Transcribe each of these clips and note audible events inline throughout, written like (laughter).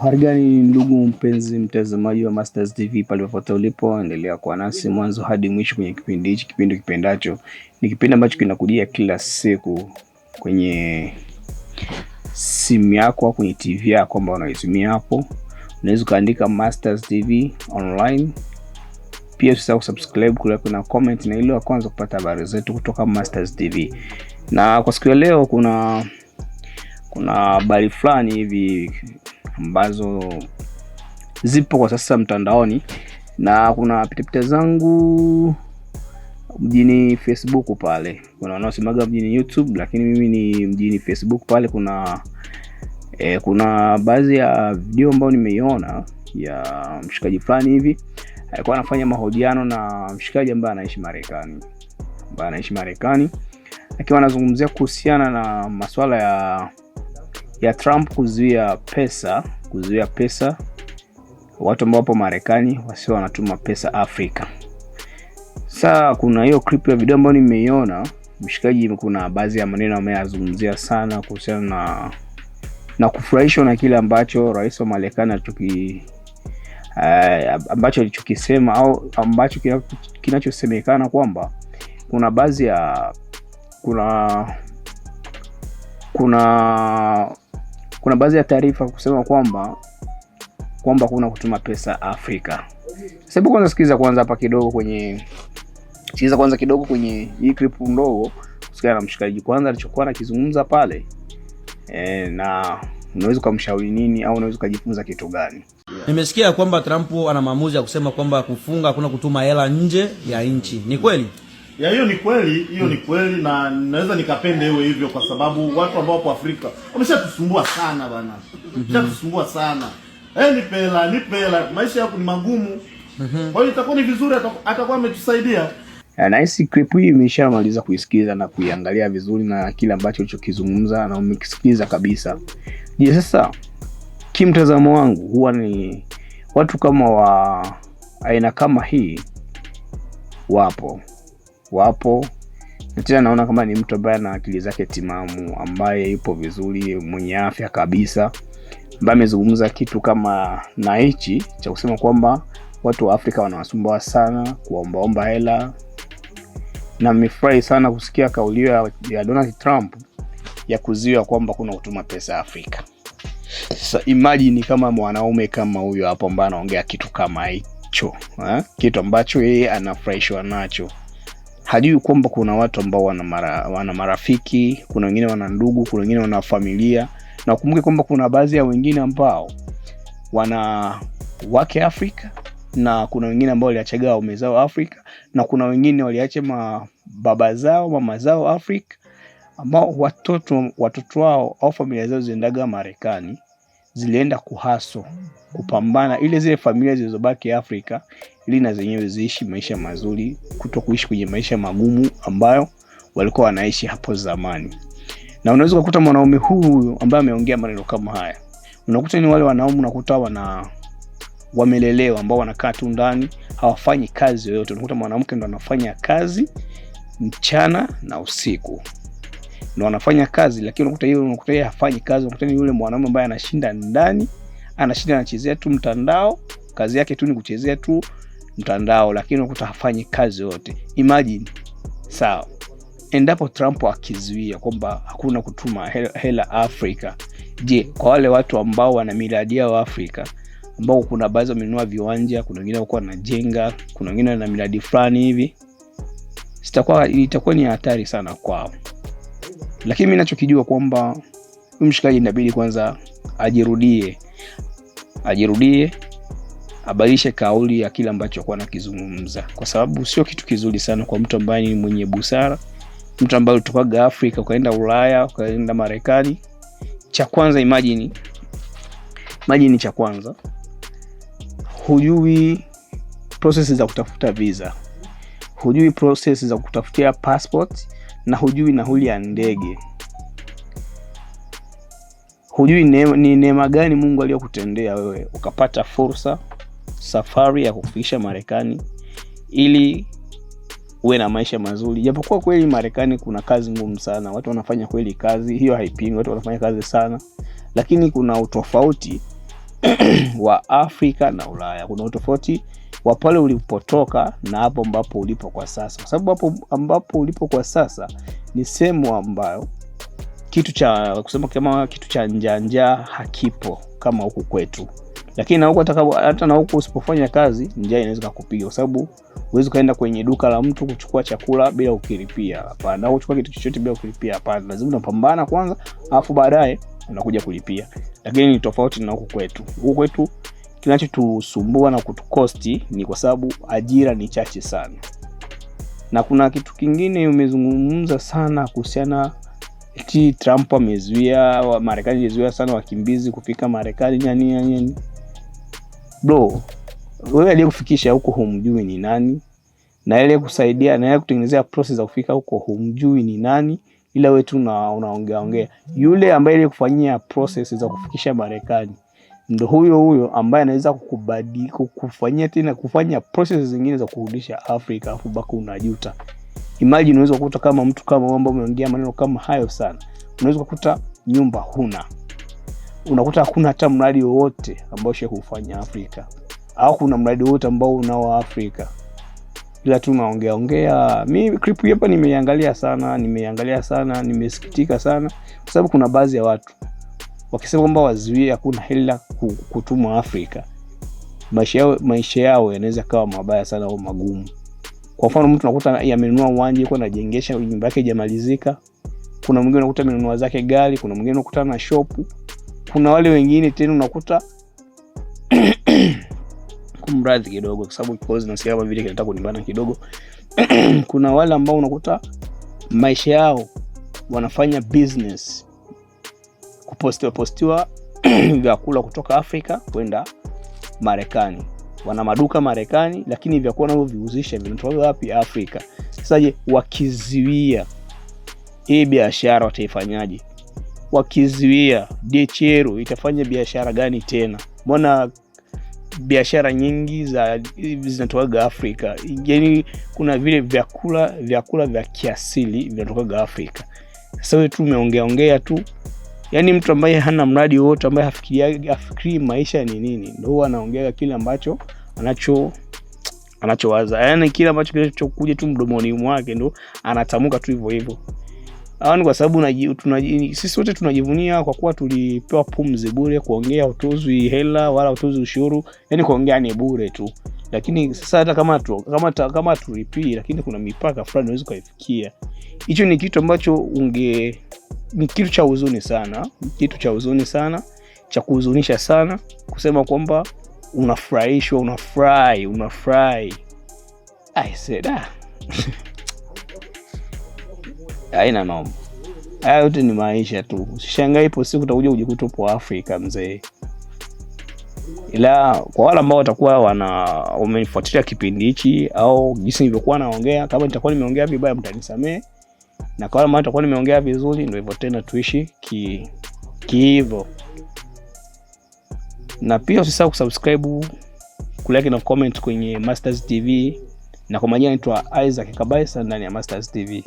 Harigani ndugu mpenzi mtazamaji wa Masters TV pale popote ulipo, endelea kuwa nasi mwanzo hadi mwisho kwenye kipindi hichi, kipindi kipendacho. Ni kipindi ambacho kinakujia kila siku kwenye simu yako au kwenye TV yako ambayo unaitumia hapo. Unaweza ukaandika Masters TV online, pia usisahau kusubscribe kule kuna comment na ile wa kwanza kupata habari zetu kutoka Masters TV. Na kwa siku ya leo kuna kuna habari fulani hivi ambazo zipo kwa sasa mtandaoni, na kuna pitapita zangu mjini Facebook pale. Kuna wanaosemaga mjini YouTube, lakini mimi ni mjini Facebook pale. Kuna e, kuna baadhi ya video ambayo nimeiona ya mshikaji fulani hivi alikuwa anafanya mahojiano na mshikaji ambaye anaishi Marekani, ambaye anaishi Marekani akiwa anazungumzia kuhusiana na masuala ya ya Trump kuzuia pesa kuzuia pesa watu ambao wapo Marekani wasio wanatuma pesa Afrika. Sasa kuna hiyo clip ya video ambayo nimeiona mshikaji, kuna baadhi ya maneno ameyazungumzia sana kuhusiana na na kufurahishwa na kile ambacho rais wa Marekani atuki uh, eh, ambacho alichokisema au ambacho kinachosemekana kwamba kuna baadhi ya kuna kuna kuna baadhi ya taarifa kusema kwamba kwamba kuna kutuma pesa Afrika. Sasa kwanza sikiza kwanza hapa kidogo kwenye sikiza kwanza kidogo kwenye hii clip ndogo kusikana na mshikaji kwanza alichokuwa anakizungumza pale e, na unaweza ukamshauri nini au unaweza ukajifunza kitu gani? Yeah. Nimesikia kwamba Trump ana maamuzi ya kusema kwamba kufunga hakuna kutuma hela nje ya nchi. Ni kweli? Ya hiyo ni kweli, hiyo ni hmm. kweli na naweza nikapende iwe hivyo kwa sababu watu ambao wako Afrika wameshatusumbua sana bana. Mhm. Wameshatusumbua sana. Eh, ni pela, ni pela. Maisha yako ni magumu. Mhm. Kwa hiyo itakuwa ni vizuri atakuwa ametusaidia. Nahisi clip hii imeshamaliza kuisikiza na kuiangalia vizuri na kile ambacho ulichokizungumza na umekisikiliza kabisa. Je, sasa kimtazamo wangu huwa ni watu kama wa aina kama hii wapo wapo na tena naona kama ni mtu ambaye ana akili zake timamu, ambaye yupo vizuri, mwenye afya kabisa, ambaye amezungumza kitu kama na hichi cha kusema kwamba watu wa Afrika wanawasumbua sana kuwaombaomba hela, na nimefurahi sana kusikia kauli hiyo ya Donald Trump ya kuzuia kwamba kuna kutuma pesa Afrika. Sasa imagine kama mwanaume kama huyo hapo ambaye anaongea kitu kama hicho, eh? kitu ambacho yeye anafurahishwa nacho hajui kwamba kuna watu ambao wana, mara, wana marafiki, kuna wengine wana ndugu, kuna wengine wana familia, na ukumbuke kwamba kuna baadhi ya wengine ambao wana wake Afrika na kuna wengine ambao waliachaga waume zao Afrika na kuna wengine waliacha mababa zao mama zao Afrika ambao watoto watoto wao au familia zao ziendaga Marekani zilienda kuhaso kupambana ile zile familia zilizobaki Afrika ili na zenyewe ziishi maisha mazuri, kuto kuishi kwenye maisha magumu ambayo walikuwa wanaishi hapo zamani. Na unaweza kukuta mwanaume huyu ambaye ameongea maneno kama haya, unakuta ni wale wanaume unakuta wana wamelelewa ambao wanakaa tu ndani, hawafanyi kazi yoyote. Unakuta mwanamke ndo anafanya kazi mchana na usiku ndo anafanya kazi, lakini unakuta yule unakuta yeye hafanyi kazi, unakuta yule mwanaume ambaye anashinda ndani, anashinda anachezea tu mtandao, kazi yake tu ni kuchezea tu mtandao, lakini unakuta hafanyi kazi yote. Imagine sawa, endapo Trump akizuia kwamba hakuna kutuma hela Afrika, je, kwa wale watu ambao wana miradi yao wa Afrika ambao kuna baadhi wamenunua viwanja, kuna wengine wako wanajenga, kuna wengine wana miradi fulani hivi, sitakuwa itakuwa ni hatari sana kwao lakini mimi nachokijua kwamba mshikaji inabidi kwanza ajirudie, ajirudie abadilishe kauli ya kile ambacho kuwa nakizungumza kwa sababu sio kitu kizuri sana kwa mtu ambaye ni mwenye busara, mtu ambaye ulitokaga Afrika ukaenda Ulaya ukaenda Marekani. Cha kwanza imajini majini cha kwanza hujui proses za kutafuta visa, hujui proses za kutafutia passport, na hujui nauli ya ndege, hujui ni neema gani Mungu aliyokutendea wewe ukapata fursa safari ya kufikisha Marekani ili uwe na maisha mazuri. Japokuwa kweli Marekani kuna kazi ngumu sana, watu wanafanya kweli kazi hiyo haipingi, watu wanafanya kazi sana, lakini kuna utofauti (clears throat) wa Afrika na Ulaya. Kuna utofauti wa pale ulipotoka na hapo ambapo ulipo kwa sasa, kwa sababu hapo ambapo ulipo kwa sasa ni sehemu ambayo kitu cha kusema kama kitu cha njaa hakipo kama huku kwetu, lakini na huku hata na huku usipofanya kazi njaa inaweza kukupiga, kwa sababu huwezi ukaenda kwenye duka la mtu kuchukua chakula bila ukilipia, hapana. Au kuchukua kitu chochote bila ukilipia, hapana. Lazima unapambana kwanza, afu baadaye unakuja kulipia, lakini ni tofauti na huku kwetu. Huku kwetu kinachotusumbua na kutukosti ni kwa sababu ajira ni chache sana. Na kuna kitu kingine umezungumza sana kuhusiana ti Trump amezuia Marekani, imezuia sana wakimbizi kufika Marekani nani nani. Bro, wewe aliyekufikisha huko humjui ni nani, na ile kusaidia na ile kutengenezea process za kufika huko humjui ni nani ila wewe tu unaongea ongea. Yule ambaye ile kufanyia process za kufikisha Marekani ndo huyo huyo ambaye anaweza kukubadili kufanyia tena kufanya process zingine za kurudisha Afrika, afu baka unajuta. Imagine unaweza kukuta kama mtu kama wamba umeongea maneno kama hayo sana, unaweza kukuta nyumba huna, unakuta hakuna hata mradi wowote ambao shekufanya Afrika, au kuna mradi wowote ambao unao Afrika ila tu naongea ongea. Mi klipu hapa nimeiangalia sana, nimeiangalia sana, nimesikitika sana, kwa sababu kuna baadhi ya watu wakisema kwamba wazuie, hakuna hela kutumwa Afrika, maisha yao maisha yao yanaweza kawa mabaya sana au magumu. Kwa mfano, mtu nakuta yamenunua uwanja yuko anajengesha nyumba yake jamalizika, kuna mwingine unakuta amenunua zake gari, kuna mwingine unakuta na shop, kuna wale wengine tena unakuta (clears throat) kumradhi kidogo, kwa sababu kozi nasikia kama vile kinataka kunibana kidogo. (clears throat) Kuna wale ambao unakuta maisha yao wanafanya business kupostiwa postiwa (clears throat) vyakula kutoka Afrika kwenda Marekani, wana maduka Marekani, lakini vyakula wanavyoviuzisha vinatoka wapi? Afrika. Sasa je, wakiziwia hii biashara wataifanyaje? Wakiziwia DHL itafanya biashara gani tena? Mbona biashara nyingi za zinatokaga Afrika, yaani kuna vile vyakula vyakula vya kiasili vinatokaga Afrika. Sasa wewe tu umeongea ongea tu, yaani mtu ambaye hana mradi wowote, ambaye hafikiria hafikirii maisha ni nini, ndio huwa anaongea kile ambacho anacho anachowaza, yaani kile ambacho kinachokuja tu mdomoni mwake ndo anatamka tu hivyo hivyo. Au ni kwa sababu sisi wote tunajivunia kwa kuwa tulipewa pumzi bure, kuongea hutozwi hela wala hutozwi ushuru, yani kuongea ni bure tu. Lakini sasa hata kama tu, kama ta, kama tulipii, lakini kuna mipaka fulani unaweza kuifikia. Hicho ni kitu ambacho unge ni kitu cha huzuni sana, kitu cha huzuni sana, cha kuhuzunisha sana, kusema kwamba unafurahishwa, unafurahi, unafurahi. I said ah (laughs) haina noma. Haya yote ni maisha tu, usishangae ipo siku utakuja ujikuta upo Afrika mzee. Ila kwa wale ambao watakuwa wana wamenifuatilia kipindi hichi au jinsi nilivyokuwa naongea, kama nitakuwa nimeongea vibaya mtanisamee, na kwa wale ambao nitakuwa nimeongea vizuri, ndio hivyo tena, tuishi ki kiivo, na pia usisahau kusubscribe, kulike na comment kwenye Masters TV, na kwa majina naitwa Isaac Kabaisa ndani ya Masters TV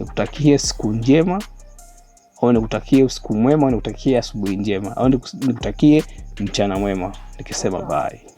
nikutakie siku njema au nikutakie usiku mwema au nikutakie asubuhi njema au nikutakie mchana mwema, nikisema bye.